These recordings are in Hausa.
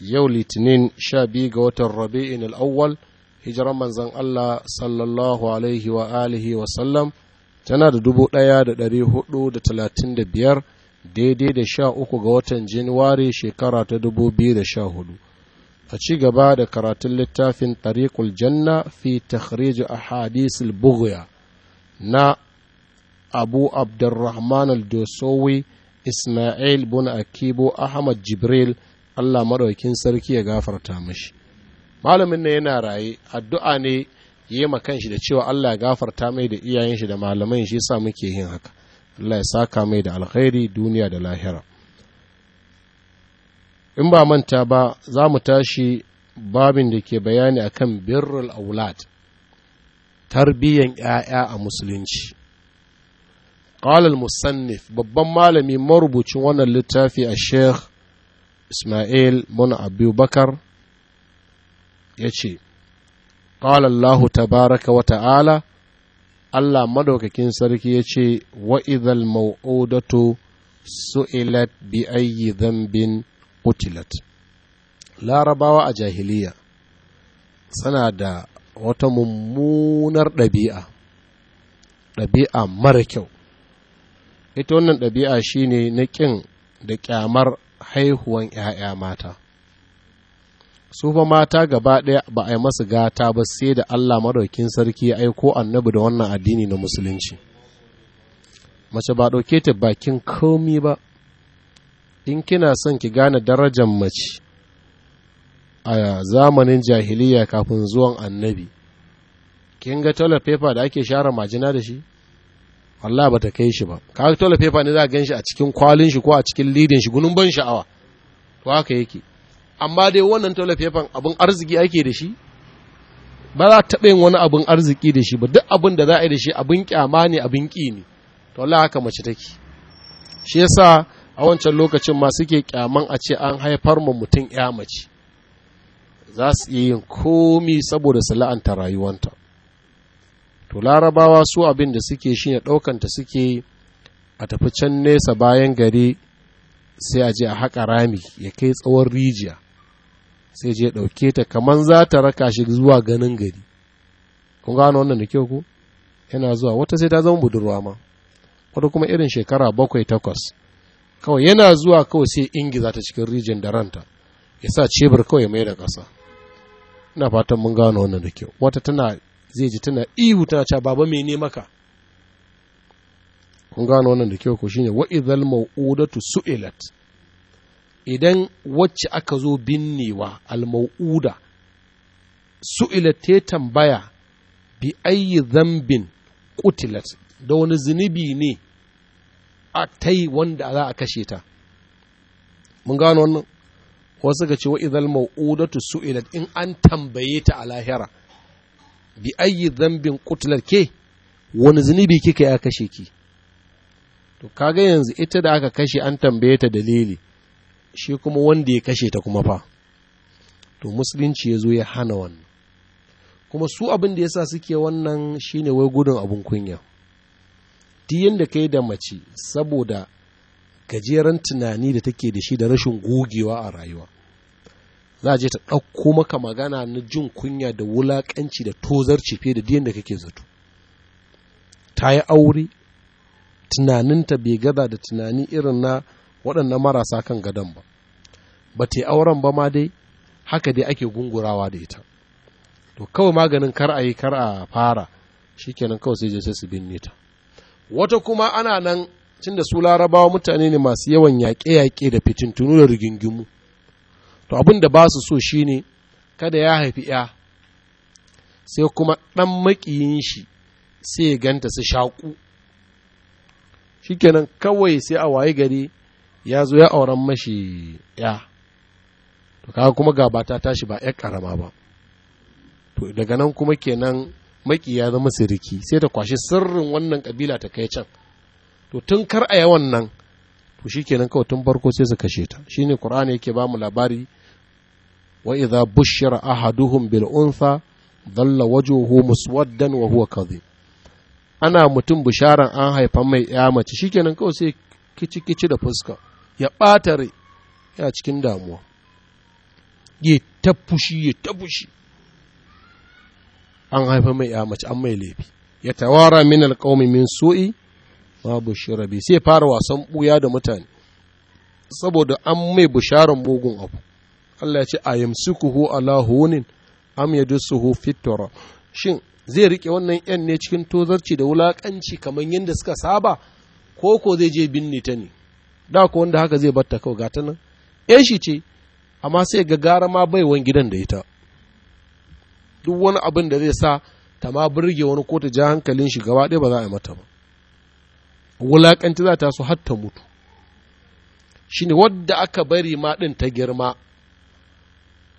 yau litinin sha biyu ga watan rabi'in al'awwal hijiran manzan Allah sallallahu alaihi wa alihi wa sallam tana da dubu ɗaya da ɗari hudu da talatin da biyar daidai da sha uku ga watan januwari shekara ta dubu biyu da sha hudu a ci gaba da karatun littafin tariqul janna fi takhrij a al-bughya na abu abdurrahman al-dosowi isma'il bin akibo ahmad jibril Allah maɗaukin sarki ya gafarta mashi malamin ne yana raye addu'a ne yi ma kanshi da cewa Allah ya gafarta mai da iyayen shi da malamai shi yasa muke yin haka Allah ya saka mai da alkhairi duniya da lahira in ba manta ba za mu tashi babin da ke bayani akan birrul aulad tarbiyyan 'ya'ya a musulunci قال المصنف babban malami marubucin wannan littafi a sheikh ismail bin abu bakar ya ce ƙalallahu tabaraka wa ta'ala allah madaukakin sarki ya ce wa'izal mau'udatu su'ilat bi ayyi zambin utilat larabawa a jahiliya suna da wata mummunar ɗabi'a ɗabi'a mara kyau ita wannan ɗabi'a shine na ƙin da ƙyamar haihuwan ‘ya'ya mata su ba mata gaba ɗaya ba a yi masu gata ba sai da Allah maɗaukin sarki ya aiko annabi da wannan addini na musulunci mace ba ɗauke ta bakin komi ba in kina son ki gane darajar mace a zamanin jahiliya kafin zuwan annabi kin ga toilet paper da ake share majina da shi ba ta kai shi ba Ka tola fefa ne za ka shi a cikin kwalin shi ko a cikin lidin shi gunun ban sha'awa to haka yake amma dai wannan tola fefan abun arziki ake da shi ba za ta yin wani abin arziki da shi ba duk abin da za a yi da shi abin kyama ne abin ki ne to Allah haka mace take shi yasa a wancan lokacin ma suke kyaman a ce an haifar ma mutum ya mace za su iya yin komi saboda su la'anta rayuwanta to larabawa su abin da suke shi ne ɗaukanta suke a tafi can nesa bayan gari sai a je a haƙa rami ya kai tsawon rijiya sai je ɗauke ta kamar za ta raka shi zuwa ganin gari kun gano wannan da kyau ku yana zuwa wata sai ta zama budurwa ma wata kuma irin shekara bakwai takwas kawai yana zuwa kawai sai ingiza ta cikin rijin da ranta ya sa cebur kawai mai da ƙasa ina fatan mun gano wannan da kyau wata tana zai ji tana ihu tana cewa baba mai ne maka kun gano wannan da kyau ko shine wa idhal mau'udatu su'ilat idan wacce aka zo binnewa al mau'uda su'ilat ta tambaya bi ayyi dhanbin qutilat da wani zunubi ne a tai wanda za a kashe ta mun gano wannan wasu ga ce wa idhal mau'udatu su'ilat in an tambaye ta a bi ayi zambin kutlar ke wani zunubi kika ya kashe ki to kaga yanzu ita da aka kashe an tambaye ta dalili shi kuma wanda ya kashe ta kuma fa to musulunci ya zo ya hana wannan kuma su abin da yasa suke wannan shine wai gudun abun kunya ti yanda kai da mace saboda gajeren tunani da take da shi da rashin gogewa a rayuwa za a je ta ɗauko maka magana na jin kunya da wulaƙanci da tozarci fiye da diyan da kake zato ta yi aure tunaninta bai gada da tunani irin na waɗannan marasa kan gadon ba ba ta yi auren ba ma dai haka dai ake gungurawa da ita to kawai maganin kar a yi kar a fara shikenan kawai sai je sai su binne ta wata kuma ana nan tunda su larabawa mutane ne masu yawan yaƙe-yaƙe da fitintunu da rigingimu to abinda ba su so shine kada ya haifi ya sai kuma ɗan makiyin shi sai ya ganta su shaku shikenan kawai sai a waye gari ya zo ya auren mashi ya to kaga kuma gabata ta tashi ba ya karama ba to daga nan kuma kenan maki ya zama siriki sai ta kwashi sirrin wannan kabila ta kai can to tun kar a yawan nan to shikenan kawai tun farko sai su kashe ta shine qur'ani yake ba mu labari wa idza bushira ahaduhum bil unsa dhalla wajhuhu muswaddan wa huwa kadhib ana mutum bisharan an haifa mai ya mace shikenan kawai sai kici kici da fuska ya ɓata rai yana cikin damuwa ya ta ya ta an haifa mai ya mace an mai laifi ya tawara min alqaumi min ma bushira bi sai fara wasan buya da mutane saboda an mai bisharan mugun abu Allah ya ce a yamsukuhu ala hunin am yadussuhu fitura shin zai rike wannan yan ne cikin tozarci da wulakanci kamar yadda suka saba ko ko zai je binne ta ne da ko wanda haka zai batta kawai gata nan yan shi ce amma sai ga gara ma baiwan gidan da ita duk wani abin da zai sa ta ma burge wani ko ta ja hankalin shi gaba ɗaya ba za a yi mata ba wulakanci za ta so har ta mutu shine wadda aka bari ma ɗin ta girma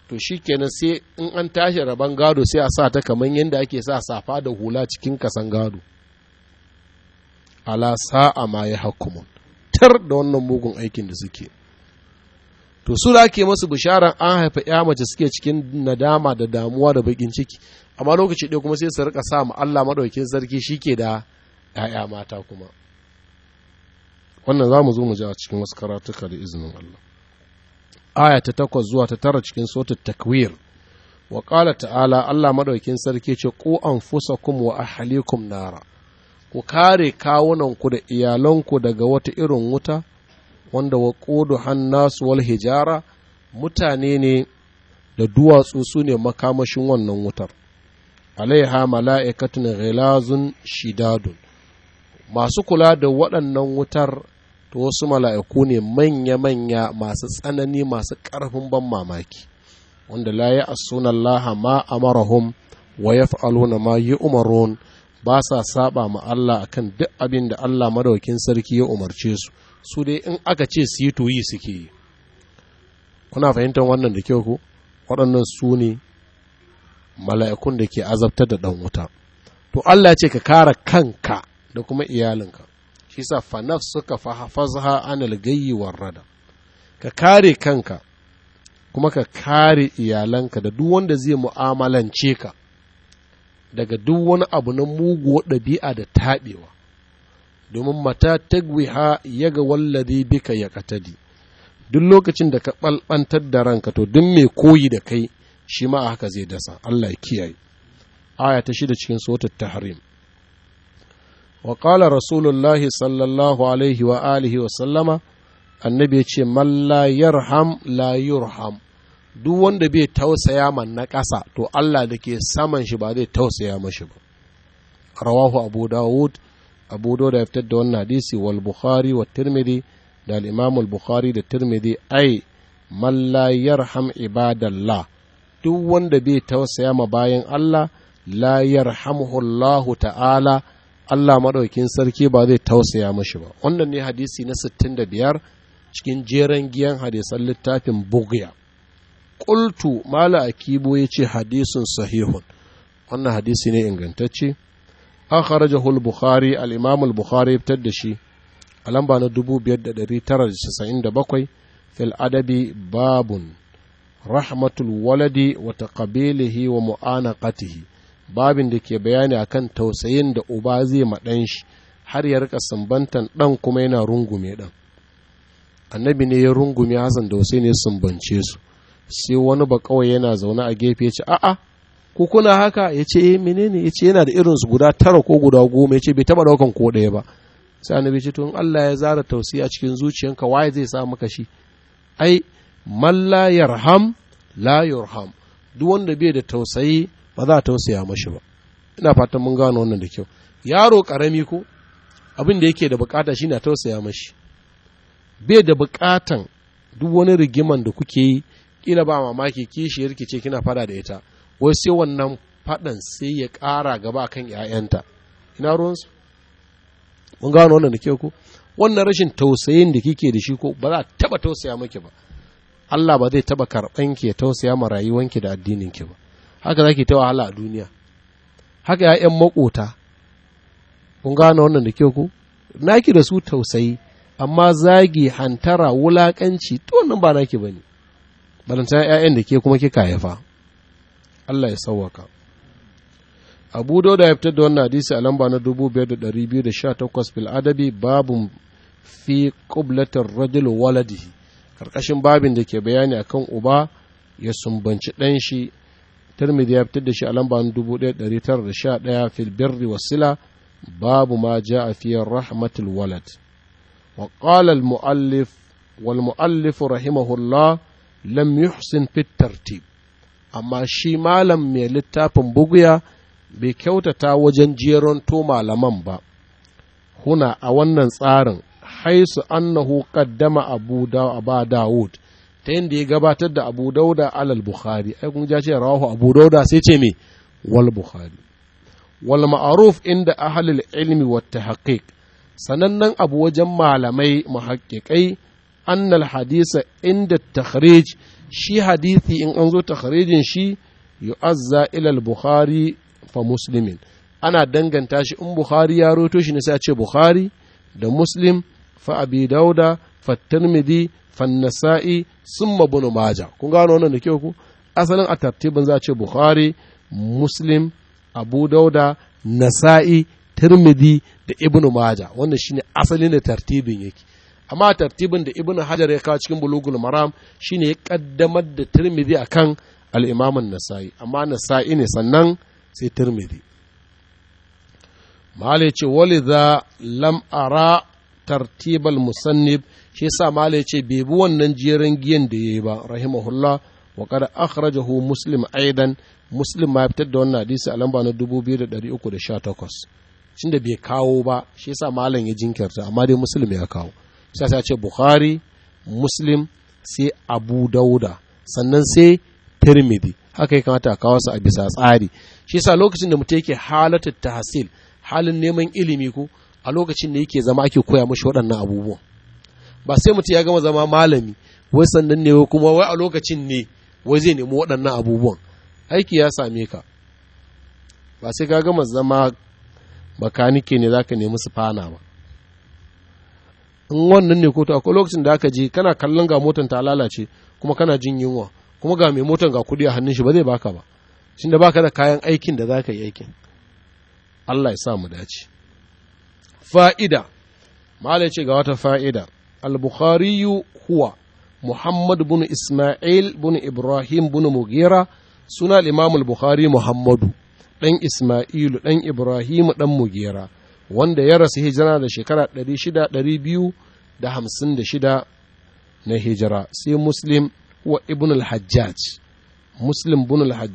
to shi kenan sai in an tashi rabon gado sai a sa ta kamar yadda ake sa safa da hula cikin kasan gado ala sa'a ma ya hakumun tar da wannan mugun aikin da suke to su da ake masu bisharar an haifa ya mace suke cikin nadama da damuwa da bakin ciki amma lokaci ɗaya kuma sai su rika sa ma Allah maɗaukin sarki shi ke da ‘ya'ya mata kuma wannan za mu zo mu ji a cikin wasu karatuka da izinin Allah aya ta takwas zuwa ta tara cikin sotar takwir wa ta'ala Allah maɗaukin sarki ce ku an fusa wa ahalikum nara ku kare kawunanku da iyalanku daga wata irin wuta wanda wa ƙudu hannasu wal hijara mutane ne da duwatsu su ne makamashin wannan wutar alaiha mala'ikatun ghilazun shidadun masu kula da waɗannan wutar to wasu mala'iku ne manya-manya masu tsanani masu ƙarfin ban mamaki wanda la ya asuna Allah ma amarahum wa yaf'aluna ma yu'marun ba sa saba ma Allah akan duk abin da Allah madaukin sarki ya umarce su su dai in aka ce su yi to yi suke yi kuna fahimtar wannan da kyau ku waɗannan su ne mala'ikun da ke azabtar da ɗan wuta to Allah ce ka kara kanka da kuma iyalinka shi sa fanaf suka fahafazha anil gayyi warrada ka kare kanka kuma ka kare iyalanka da duk wanda zai mu'amalance ka daga duk wani abu na muguwa ɗabi'a da taɓewa domin mata tagwiha ya ga wallazi bika ya katadi duk lokacin da ka ɓalɓantar da ranka to duk mai koyi da kai shi ma haka zai dasa Allah ya kiyaye aya ta shida cikin sotar tahrim waƙala qala rasulullahi sallallahu alaihi wa wa sallama annabi ya ce man la yarham duk wanda bai tausaya man na ƙasa to Allah da ke saman shi ba zai tausaya mashi ba rawahu abu dawud abu dawud ya fitar da wannan hadisi wal bukhari wa tirmidhi da al imam al bukhari da tirmidhi ai man la yarham ibadallah duk wanda bai tausaya ma bayan Allah la yarhamuhu Allah ta'ala Allah maɗaukin sarki ba zai tausaya mashi ba wannan ne hadisi na 65 cikin jeren giyan hadisan littafin bugya ƙultu mala akibo ya ce hadisun sahihun wannan hadisi ne ingantacce an kharajahu al-bukhari al-imam bukhari fitar da shi a lamba na 5997 fil adabi babun rahmatul waladi wa taqabilihi wa mu'anaqatihi babin da ke bayani a kan tausayin da uba zai maɗan shi har ya rika sumbantan ɗan kuma yana rungume ɗan annabi ne ya rungume hasan da wasu ne sumbance su sai wani ba kawai yana zaune a gefe ya ce a'a ko kuna haka ya ce eh menene ya ce yana da irinsu guda tara ko guda goma ya ce bai taɓa ɗaukan ko ɗaya ba sai annabi ce to Allah ya zara tausi a cikin zuciyanka waye zai sa maka shi ai man la yarham la duk wanda bai da tausayi ba za a tausaya mashi ba ina fatan mun gano wannan da kyau yaro karami ko abin da yake da bukata shine a tausaya mashi bai da bukatan duk wani rigiman da kuke yi kila ba mamaki kishiyar ki ce kina fada da ita wai sai wannan fadan sai ya kara gaba kan ƴaƴanta ina ruwan su mun gano wannan da kyau ko wannan rashin tausayin da kike da shi ko ba za taba tausaya miki ba Allah ba zai taba karɓan ke ya tausaya ma rayuwanki da addinin ki ba haka zaki ta wahala a duniya haka ya'yan makota kun gane wannan da kyau ku naki da su tausayi amma zagi hantara wulakanci to wannan ba naki bane balanta ya'yan da ke kuma kika haifa Allah ya sauwaka Abu Dawud ya fitar da wannan hadisi a lamba na 5218 fil adabi babun fi qublatir rajul waladihi karkashin babin da ke bayani akan uba ya sumbanci dan shi Tirmidhi ya fitar da shi a sha ɗaya fil birri wasila babu ma ja'a fi rahmatul walad wa qala al muallif wal muallif rahimahullah lam yuhsin fit tartib amma shi malam mai littafin buguya bai kyautata wajen to malaman ba huna a wannan tsarin haisu annahu qaddama abu da ba dawud ta yadda ya gabatar da abu dauda alal bukhari ai kun ce rawahu abu dauda sai ce me wal bukhari wal ma'aruf inda ahlul ilmi wata tahqiq sanannen abu wajen malamai muhaqqiqai annal hadisa inda takhrij shi hadisi in an zo takhrijin shi yu'azza ila al-bukhari fa muslimin ana danganta shi in bukhari ya roto shi ne sai a ce bukhari da muslim fa abi dauda fa tirmidhi fannasa'i sun bunu maja kun gano wannan da kyau ku asalin a tartibin za ce bukhari muslim abu dauda nasa'i tirmidhi da ibnu maja wannan shine asalin da tartibin yake amma tartibin da ibnu hajar ya kawo cikin bulugul maram shine ya kaddamar da tirmidhi akan al-imamun nasa'i amma nasa'i ne sannan sai tirmidhi malai ce walidha lam ara tartibal musannib shi sa malai ce bai bi wannan jerin giyan da ya yi ba rahimahullah wa akhraja hu muslim aidan muslim ma fitar da wannan hadisi a lamba na 2318 shin da bai kawo ba shi sa malam ya jinkirta amma dai muslim ya kawo sai ta ce bukhari muslim sai abu dauda sannan sai tirmidhi haka ya kamata a kawo su a bisa tsari shi sa lokacin da mutum yake halatar tahsil halin neman ilimi ko a lokacin da yake zama ake koya mashi waɗannan abubuwan ba sai mutum ya gama zama malami wai sannan ne kuma wai a lokacin ne wai zai nemi waɗannan abubuwan aiki ya same ka ba sai ka gama zama makanike ne za ka nemi su fana ba in wannan ne kotu akwai lokacin da aka je kana kallon ga motan ta lalace kuma kana jin yunwa kuma ga mai motan ga kudi a hannun shi ba zai baka ba shin da baka da kayan aikin da za ka yi aikin Allah ya sa mu dace fa'ida mala ce ga wata fa'ida البخاري هو محمد بن إسماعيل بن إبراهيم بن مغيرة سنة الإمام البخاري محمد ɗan Ismailu ɗan Ibrahim ɗan Mugera wanda ya rasu hijira da shekara 600-256 na hijira sai Muslim wa Ibn al Muslim bin al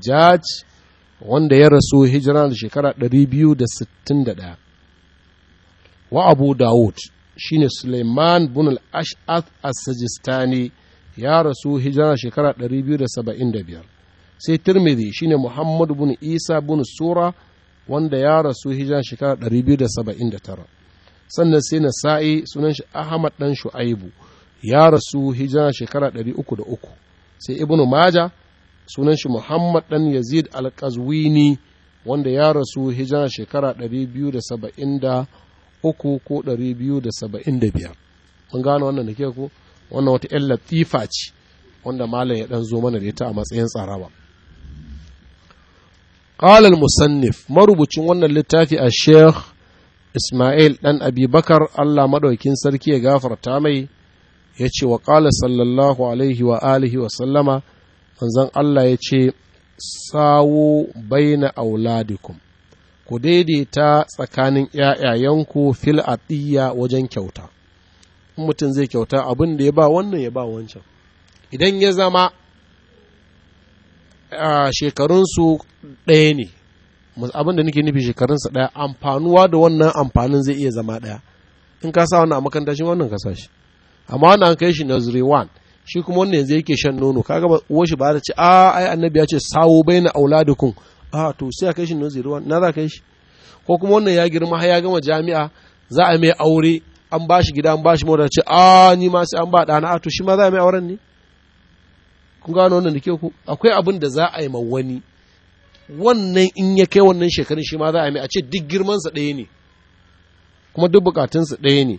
wanda ya rasu hijira da shekara 261 wa Abu Dawud shine Suleiman bin al-Ash'ath as-Sajistani ya rasu hijira shekara 275 sai Tirmidhi shine Muhammad bin Isa bin Sura wanda ya rasu hijira shekara 279 sannan sai Nasa'i sunan shi Ahmad dan Shu'aibu ya rasu hijira shekara 303 sai Ibn Maja sunan shi Muhammad dan Yazid al-Qazwini wanda ya rasu hijira shekara 274 uku ko ɗari biyu da saba'in da biyar mun gano wannan da ke ku wannan wata yan latifa ce wanda malam ya ɗan zo mana da ita a matsayin tsarawa. Ƙalal musannif marubucin wannan littafi a sheikh Ismail ɗan Abibakar Allah maɗaukin sarki ya gafarta mai ya ce wa ƙala sallallahu alaihi wa alihi wa sallama manzan Allah ya ce sawo baina auladikum ku daidaita tsakanin ‘ya'yayenku fil atiyya wajen kyauta, in mutum zai kyauta abin da ya ba wannan ya ba wancan. Idan ya zama shekarunsu ɗaya ne, abin da nake nufi shekarunsa ɗaya, amfanuwa da wannan amfanin zai iya zama ɗaya. In ka sa wannan a makaranta shi wannan ka sa shi. Amma wannan an kai shi zuri wan, shi kuma wannan yanzu yake shan nono, kaga uwa shi ba da ce, a ah, ai annabi ya ce sawo bai na auladukun, a to sai a kai shi nursery one na za kai shi ko kuma wannan ya girma ya gama jami'a za a mai aure an ba shi gida an ba shi mota ce a ni ma sai an ba ɗana a to shi ma za a mai auren ne kun gano wannan da ke ku akwai abin da za a yi ma wani wannan in ya kai wannan shekarun shi ma za a mai a ce duk girmansa ɗaya ne kuma duk bukatun sa ɗaya ne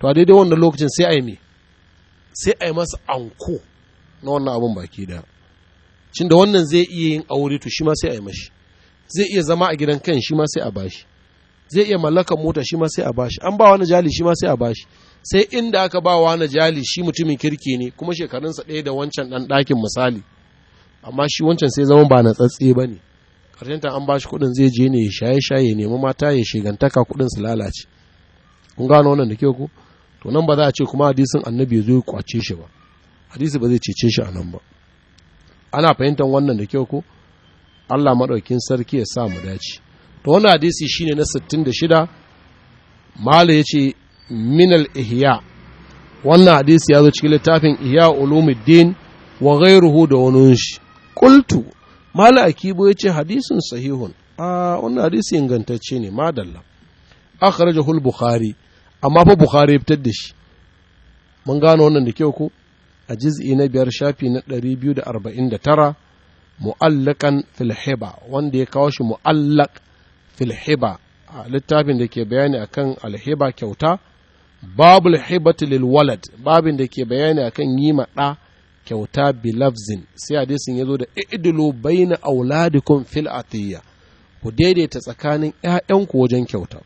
to a daidai wannan lokacin sai a yi mai sai a yi masa anko na wannan abin baki daya cin da wannan zai iya yin aure to shi ma sai a yi mashi zai iya zama a gidan kan shi ma sai a bashi zai iya mallakar mota shi ma sai a bashi an ba wani jali shi ma sai a bashi sai inda aka ba wani jali shi mutumin kirki ne kuma shekarunsa ɗaya da wancan ɗan ɗakin misali amma shi wancan sai zama ba na tsatse ba ne ƙarshen ta an ba kuɗin zai je ne ya shaye shaye nemi mata ya shigantaka kuɗin su lalace kun gano wannan da ke ku? to nan ba za a ce kuma hadisin annabi ya zo ya kwace shi ba hadisi ba zai cece shi a nan ba ana fahimtar wannan da kyau ko Allah maɗaukin sarki ya sa mu dace to wannan hadisi shine na 66 mala yace minal ihya wannan hadisi ya zo cikin littafin ihya ulumuddin wa ghairuhu da wani shi qultu mala akibo yace hadisin sahihun a wannan hadisi ingantacce ne madalla akhrajahu al-bukhari amma fa bukhari ya fitar da shi mun gano wannan da kyau ko a jiz'i na biyar shafi na ɗari biyu da da arba'in tara, mu'allakan filhiba wanda ya kawo shi mu'allak filhiba a littafin da ke bayani a kan alhiba kyauta babu hibatu lil walad babin da ke bayani a kan yi maɗa kyauta bilafzin sai hadisin ya zo da idilu baina auladikun fil atiyya ku daidaita tsakanin 'ya'yanku wajen kyauta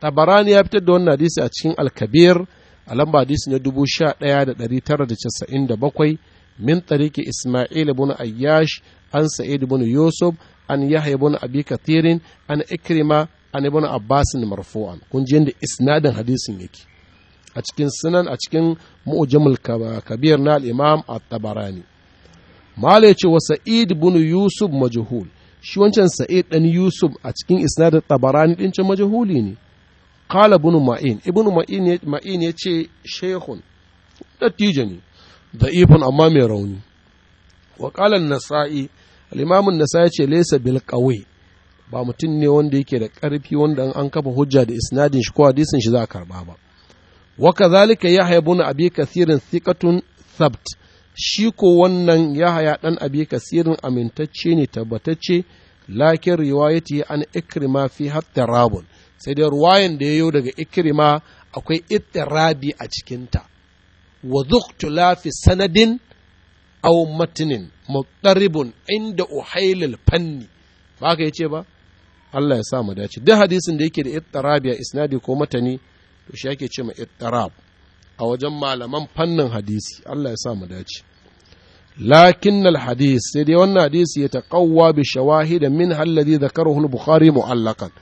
tabarani ya fitar da wannan hadisi a cikin alkabir a lamba hadisi na 11997 min tsariki Ismail ibn Ayyash an Sa'id ibn Yusuf an Yahya ibn Abi Kathirin an Ikrima an ibn abbasin marfu'an kun ji yadda isnadin hadisin yake a cikin sunan a cikin mu'jamul kabir na al-Imam at-Tabarani ya ce wa Sa'id ibn Yusuf majhul shi wancan Sa'id dan Yusuf a cikin isnadin Tabarani din majahuli majhuli ne qala ibn ma'in ibn ma'in ma'in yace shaykhun dattijo ne da'ifun amma mai rauni wa qala nasai al nasai ce laysa bil qawi ba mutum ne wanda yake da ƙarfi wanda an kafa hujja da isnadin shi ko hadisin shi za a karba ba wa kadhalika yahya ibn abi kasirin thiqatun thabt shi ko wannan yahaya ɗan abi kasirin amintacce ne tabbatacce lakin riwayati an ikrima fi hatta rabun sai dai ruwayan da ya yi daga Ikirima, akwai itirabi a cikinta wa zuqtu sanadin aw matinin mutaribun inda uhailil fanni ba ka ce ba Allah ya sa mu dace duk hadisin da yake da itirabi a isnadi ko matani to shi yake ce ma itirab a wajen malaman fannin hadisi Allah ya sa mu dace لكن الحديث sai dai wannan hadisi ya من bi ذكره min معلقا dhakarahu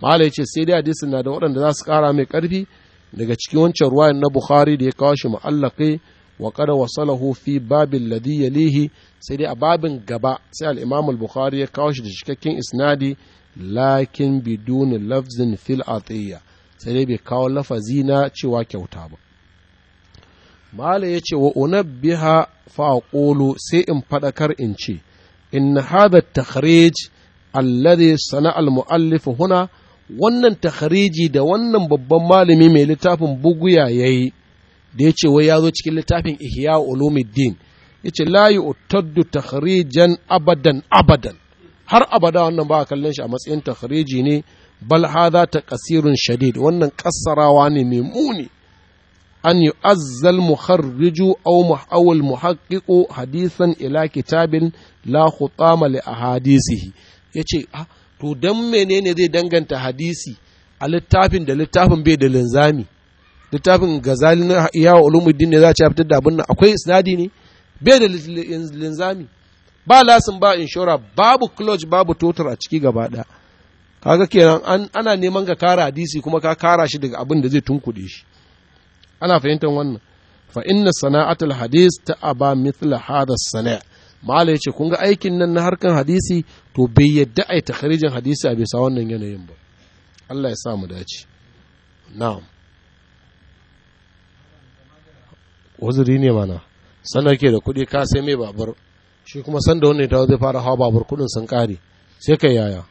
malai ce sai dai hadisin na da waɗanda za su ƙara mai ƙarfi daga cikin wancan ruwayan na bukhari da ya kawo shi mu'allakai wa kada wasu fi babin ladhi lihi sai dai a babin gaba sai al bukhari ya kawo shi da cikakken isnadi lakin biduni lafzin fil atiyya sai dai bai kawo lafazi na cewa kyauta ba malai ya ce wa unabbiha fa qulu sai in fadakar in ce in hadha at-takhrij alladhi sana al huna wannan takhariji da wannan babban malami mai littafin buguya ya yi da ya ce wai ya zo cikin littafin ihya ulumuddin ya ce layi utaddu takharijan abadan abadan har abada wannan ba a kallon shi a matsayin takhariji ne bal hadha taqsirun shadid wannan kassarawa ne mai muni an yu'azzal mukharriju aw muhawil muhaqqiqu hadisan ila kitabin la khutama li ahadisihi yace ah to don menene zai danganta hadisi a littafin da littafin bai da linzami littafin gazali na iyawa ulumuddin ne za a fitar da abin nan akwai isnadi ne bai da linzami ba lasin ba inshora babu clutch babu totar a ciki gaba kaga kenan ana neman ka kara hadisi kuma ka kara shi daga abin da zai tunkuɗe shi ana fahimtar wannan fa inna sana'atul hadis ta aba mithla hadha sana'a mala ya ce kun ga aikin nan na harkan hadisi to bai yadda a yi takharijin hadisi a bisa wannan yanayin ba Allah ya samu dace na'am wuzuri ne mana sanda ke da kudi ka sai mai babur shi kuma sanda wannan ta zai fara hawa babur kudin sun kare sai kai yaya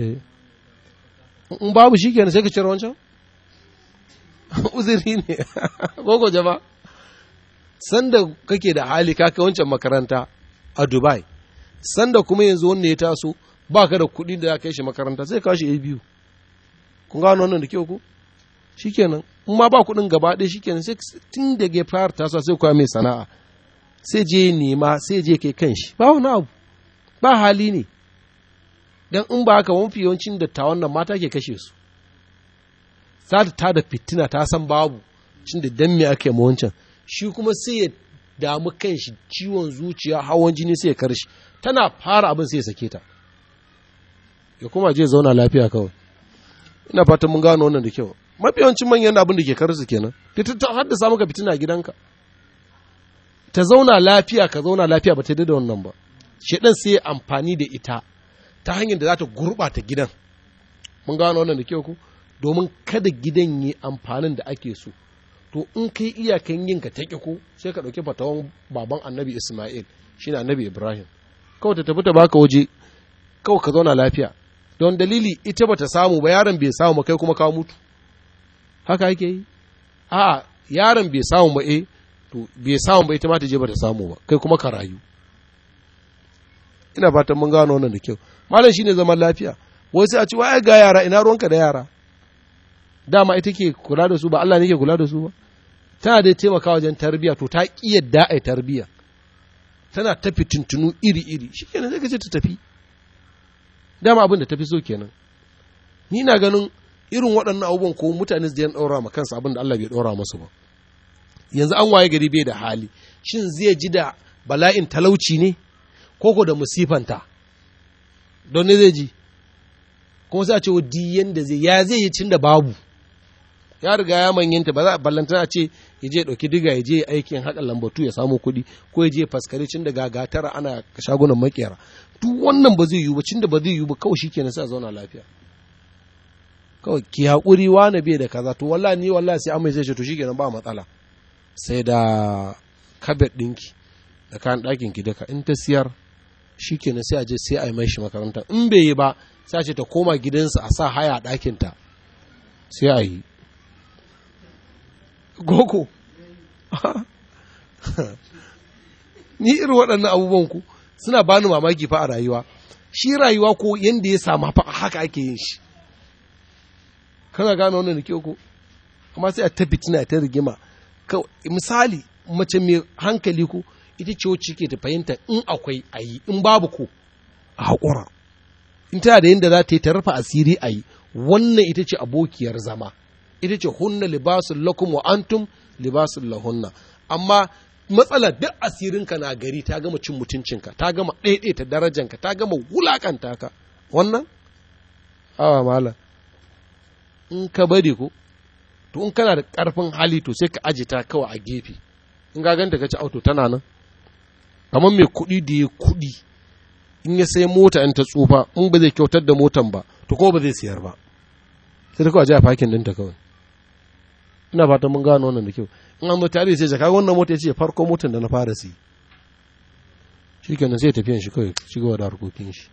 eh. in babu shi kenan sai ka cire wancan uzuri ne gogo jama'a sanda kake da hali kake wancan makaranta a dubai sanda kuma yanzu wanda ya taso ba ka da kuɗi da ya kai shi makaranta sai ka shi a biyu kun gano wannan da kyau ko shikenan in ma ba kuɗin gaba ɗaya shikenan sai tun da ya fara taso sai kuwa mai sana'a sai je nema sai je kai shi. ba wani abu ba hali ne dan in ba haka mafi yawancin dattawan nan mata ke kashe su za ta da fitina ta san babu cin da dan me ake ma wancan shi kuma sai ya damu kanshi ciwon zuciya hawan jini sai ya karshe. tana fara abin sai ya sake ta ya kuma je zauna lafiya kawai ina fatan mun gano wannan da kyau mafi yawancin manyan abin da ke karsu kenan fitar ta haddasa ka fitina gidanka ta zauna lafiya ka zauna lafiya ba ta da wannan ba shedan sai amfani da ita ta hanyar da za ta gurɓata gidan mun gano wannan da kyau ku domin kada gidan yi amfanin da ake so to in kai iyakan yin ka ta ko sai ka ɗauki fatawan baban annabi isma'il shine annabi ibrahim kawai ta tafi ta baka waje kawai ka zauna lafiya don dalili ita bata samu ba yaron bai samu ba kai kuma ka mutu haka yake yi a yaron bai samu ba eh to bai samu ba ita ma ta je bata samu ba kai kuma ka rayu ina fatan mun gano wannan da kyau malam shine zaman lafiya wai sai a ce wai ga yara ina ruwanka da yara dama ita ke kula da su ba Allah ne ke kula da su ba tana da taimaka wajen tarbiyya to ta ƙi yadda a tarbiyya tana ta tuntunu iri-iri shi kenan zai ce ta tafi dama abin da tafi so kenan ni na ganin irin waɗannan abubuwan ko mutane su yan ɗaura ma kansa abin da Allah bai ɗaura masu ba yanzu an waye gari bai da hali shin zai ji da bala'in talauci ne ko ko da musifanta don ne zai ji kuma sai a ce wa diyan da zai ya zai yi cin da babu ya riga ya manyanta ba za a ballanta a ce ya je ɗauki diga ya je aikin haƙa lambatu ya samu kuɗi ko ya je faskare cin da gagatara ana shagunan makera duk wannan ba zai yiwu ba cin da ba zai yiwu ba kawai shikenan ke nasa zauna lafiya kawai ki haƙuri wani bai da kaza to wallahi ni wallahi sai amai zai ce to shikenan ba matsala sai da kabet ɗinki da kayan ɗakin ki duka in ta siyar shikenan sai a je sai a yi mai shi makaranta in bai yi ba sai a ce ta koma gidansa a sa haya ɗakinta sai a yi goko ni irin waɗannan abubuwan ku suna bani mamaki fa a rayuwa shi rayuwa ko yanda ya samu fa haka ake yin shi kana gane wannan da ko amma sai a ta fitina ta rigima misali mace mai hankali ko ita ce wacce ke ta fahimta in akwai ayi, in babu ko a haƙura in tana da yadda za ta yi ta rufe asiri ayi, wannan ita ce abokiyar zama ita ce hunna libasun lakum wa antum libasun lahunna amma matsala duk asirinka na gari ta gama cin mutuncinka ta gama ɗaiɗaita darajanka ta gama wulakanta ka wannan awa mala in ka bari ko to in kana da ƙarfin hali to sai ka ajita ta kawai a gefe in ga ganta ka ci auto tana nan kamar mai kuɗi da ya kuɗi in ya sai mota in ta tsufa in ba zai kyautar da motan ba to ko ba zai siyar ba sai ta kawai a fakin ta kawai ina fata mun gano wannan da kyau in an zo tarihi sai zaka wannan mota ce farko motan da na fara si shikenan sai tafiyan shi kawai shiga da harkokin shi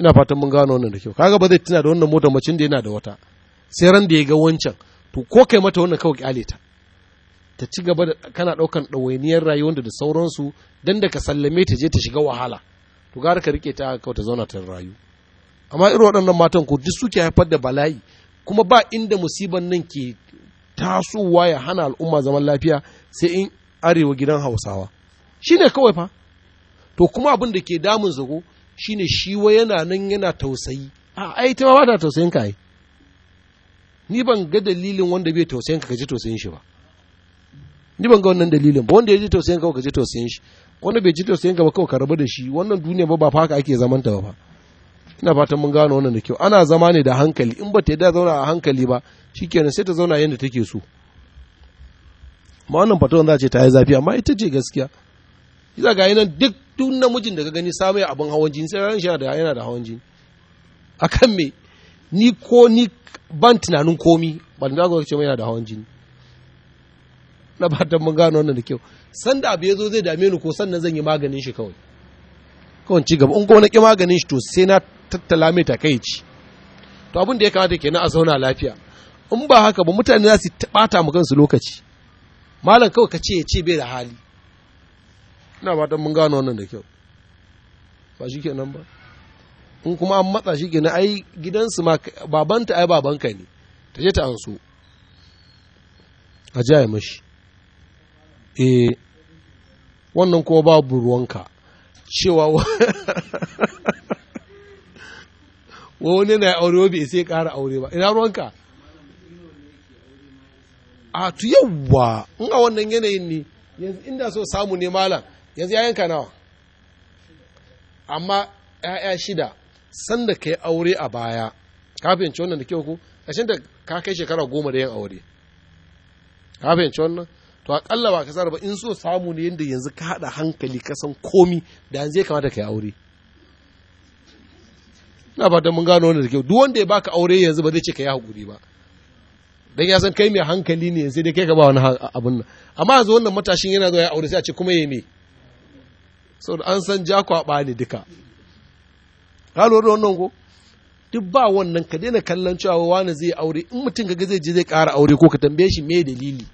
ina fatan mun gano wannan da kyau kaga ba zai tuna da wannan mota macin da yana da wata sai ran da ya ga wancan to ko kai mata wannan kawai kyale ta ta ci gaba da kana ɗaukan ɗawainiyar rayuwar da sauransu don da ka sallame ta je ta shiga wahala to gara ka rike ta kawai ta zauna ta rayu amma irin waɗannan matan ko duk suke haifar da bala'i kuma ba inda musibar nan ke tasowa ya hana al'umma zaman lafiya sai in arewa gidan hausawa shi ne kawai fa to kuma abin da ke damun zago shi ne shi wa yana nan yana tausayi a ai ta ba ta tausayin ka ai ni ban ga dalilin wanda bai tausayin ka ka ji tausayin shi ba ni ban ga wannan dalilin ba wanda ya ji tausayin ka ka ji tausayin shi wanda bai ji tausayin ka ba kawai ka rabu da shi wannan duniya ba ba fa haka ake zaman ta ba ina fatan mun gano wannan da kyau ana zama ne da hankali in ba ta yadda zauna a hankali ba shikenan sai ta zauna yadda take so ma wannan fatawan za ce ta yi zafi amma ita ce gaskiya za ga nan duk duk namijin da gani samun abin hawan jini sai ran shi yana da hawan jini akan me ni ko ni ban tunanin komi ba da ga ce mai yana da hawan jini na ta mun gano wannan da kyau sanda abu ya zo zai dame ni ko sannan zan yi maganin shi kawai kawai ci gaba in ko na ƙi maganin shi to sai na tattala mai takaici to abin da ya kamata kenan a zauna lafiya in ba haka ba mutane za su ɓata mu kansu lokaci malam kawai ka ce ya ce bai da hali ina ba mun gano wannan da kyau ba shi ke nan ba in kuma an matsa shi na ai gidansu ma babanta ai babanka ne ta je ta an so a jaya mashi e wannan kuma babu ruwanka cewa wani na aure bai sai kara aure ba ina ruwanka a tu yawwa in a wannan yanayin ne yanzu inda so samu ne malam yanzu ya yanka nawa amma ‘ya'ya shida sanda ka yi aure a baya kafin wannan da kyau ku ƙashin da ka kai shekara goma da yin aure kafin wannan to akalla ba ka ba, in so samu ne yadda yanzu ka haɗa hankali ka san komi da yanzu ya kamata ka yi aure ina fatan mun gano wannan da kyau duk wanda ya baka aure yanzu ba zai ce ka yi haƙuri ba dan ya san kai mai hankali ne sai dai kai ka ba wani abun nan amma yanzu wannan matashin yana zuwa ya aure sai a ce kuma ya me so an san ja kwaba ne duka ka lura da wannan ko duk ba wannan ka daina kallon cewa wani zai aure in mutum ka zai je zai ƙara aure ko ka tambaye shi me dalili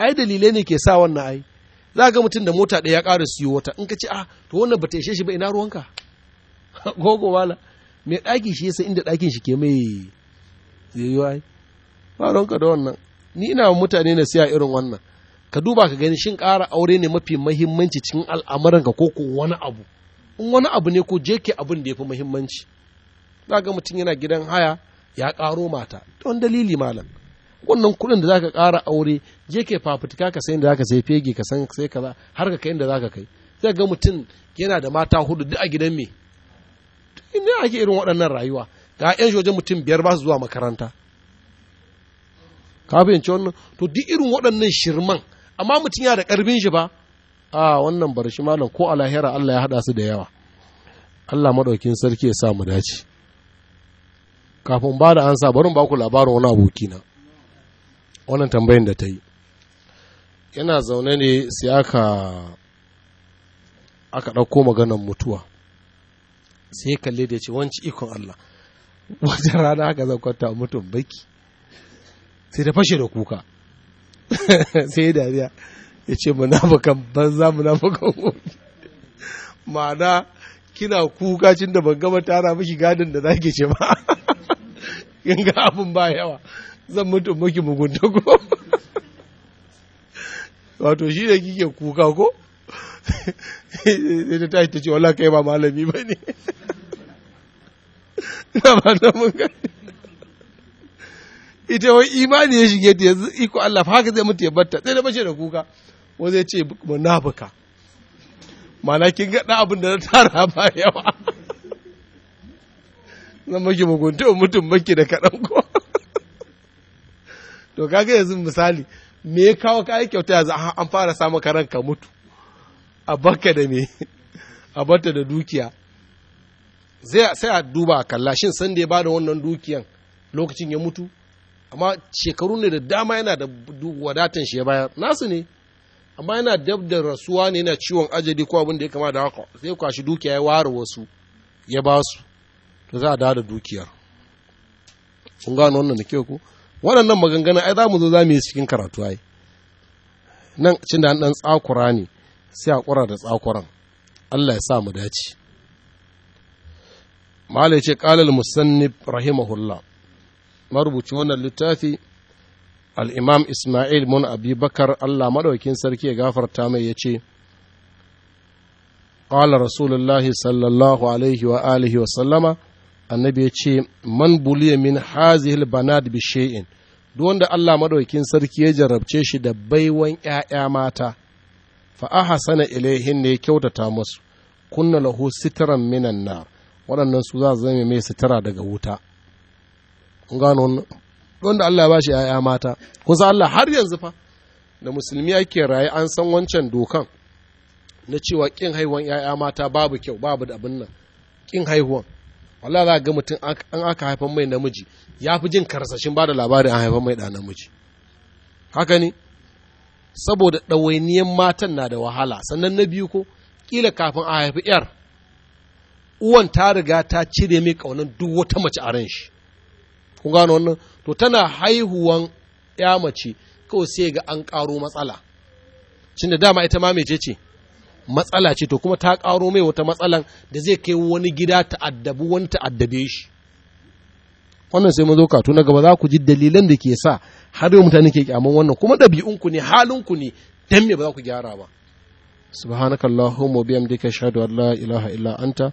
ai dalilai ne ke sa wannan ai za ga mutum da mota ɗaya ya ƙara siyo wata in ka ce ah to wannan ba ta ishe shi ba ina ruwanka gogo wala mai ɗaki shi yasa inda ɗakin shi ke mai yi ba da wannan ni ina mutane na siya irin wannan ka duba ka gani shin ƙara aure ne mafi mahimmanci cikin al'amuran ko ko wani abu in wani abu ne ko je ke abin da ya fi mahimmanci za ga mutum yana gidan haya ya ƙaro mata don dalili malam wannan kuɗin da zaka ƙara aure je ke fafutuka ka sayin da zaka sai fege ka san sai kaza har ka kai inda zaka kai sai ga mutum yana da mata hudu duk a gidan me ne ake irin waɗannan rayuwa ga yan shi wajen mutum biyar ba su zuwa makaranta ka fahimci wannan to duk irin waɗannan shirman amma mutum yana da ƙarfin shi ba a wannan bar shi malam ko alahira Allah ya haɗa su da yawa Allah maɗaukin sarki ya sa mu dace kafin ba da ansa barin ba ku labarin wani na wannan tambayin da ta yi yana zaune ne sai aka aka ɗauko maganar mutuwa sai ya kalle da ya ce wancan ikon Allah wajen rana haka zan kwanta mutum baki sai ta fashe da kuka sai dariya ya ce munafukan banza munafukan wani ma'ana kina kuka cin da ban gama tara miki gadin da zaki ce ba yin ga abin ba yawa zan mutu maki mugunta ko wato shi da kike kuka ko sai ta ta ce wala kai ba malami ba ne? ina ba da mun ita wai imani ya shige ta yanzu iko Allah fa haka zai mutu ya batta sai da bace da kuka wa zai ce munafuka mana kin ga dan abin da na tara ba yawa zan maki mugunta mutum maki da kaɗan ko to kaga yanzu misali me ya kawo kayan kyauta yanzu an fara samu karanka ka mutu a baka da me a bata da dukiya sai a duba a kalla shin san da ya bada wannan dukiyan lokacin ya mutu amma shekaru ne da dama yana da wadatan shi ya bayar nasu ne amma yana dab da rasuwa ne yana ciwon ajali ko abin da ya kama da haka sai kwashi dukiya ya ware wasu ya ba su to za a da dukiyar kun gano wannan da kyau ko waɗannan maganganun ai za mu zo za mu yi cikin karatu ai nan cin da an ɗan tsakura ne sai a ƙura da tsakuran Allah ya sa mu dace malai ce ƙalal musannif rahimahullah marubuci wannan littafi al'imam ismail mun abi bakar allah maɗaukin sarki ya gafarta mai ya ce ƙalar rasulullahi sallallahu alaihi wa alihi wa sallama annabi ya ce man buliya min hazihil banad bi duk wanda allah maɗaukin sarki ya jarabce shi da baiwan ‘ya'ya mata fa sana ilaihin ne ya kyautata masu, kunna lahu sitaran minan nar waɗannan su za su zame mai sutura daga wuta gano wanda Allah ya bashi ‘ya'ya mata kusa Allah har yanzu fa da musulmi ake raye an san wancan dokan na cewa ƙin haihuwan ‘ya'ya mata babu kyau babu da abin nan ƙin haihuwan wala za ga mutum an aka haifan mai namiji ya fi jin karsashin ba da labarin an haifan mai da namiji haka ne saboda ɗawainiyan matan na da wahala sannan na biyu ko ƙila kafin a haifi ‘yar uwan ta riga ta cire mai ƙaunar duk wata mace a ran shi kun gano wannan to tana haihuwan ya mace kawai sai ga an ƙaro matsala cin da dama ita ma mece ce matsala ce to kuma ta ƙaro mai wata matsalan da zai kai wani gida ta'addabu wani ta'addabe shi wannan sai mun zo na gaba za ku ji dalilan da ke sa har yau mutane ke kyaman wannan kuma ɗabi'unku ne halinku ne dan me ba za ku gyara ba subhanakallahumma bihamdika ashhadu an la ilaha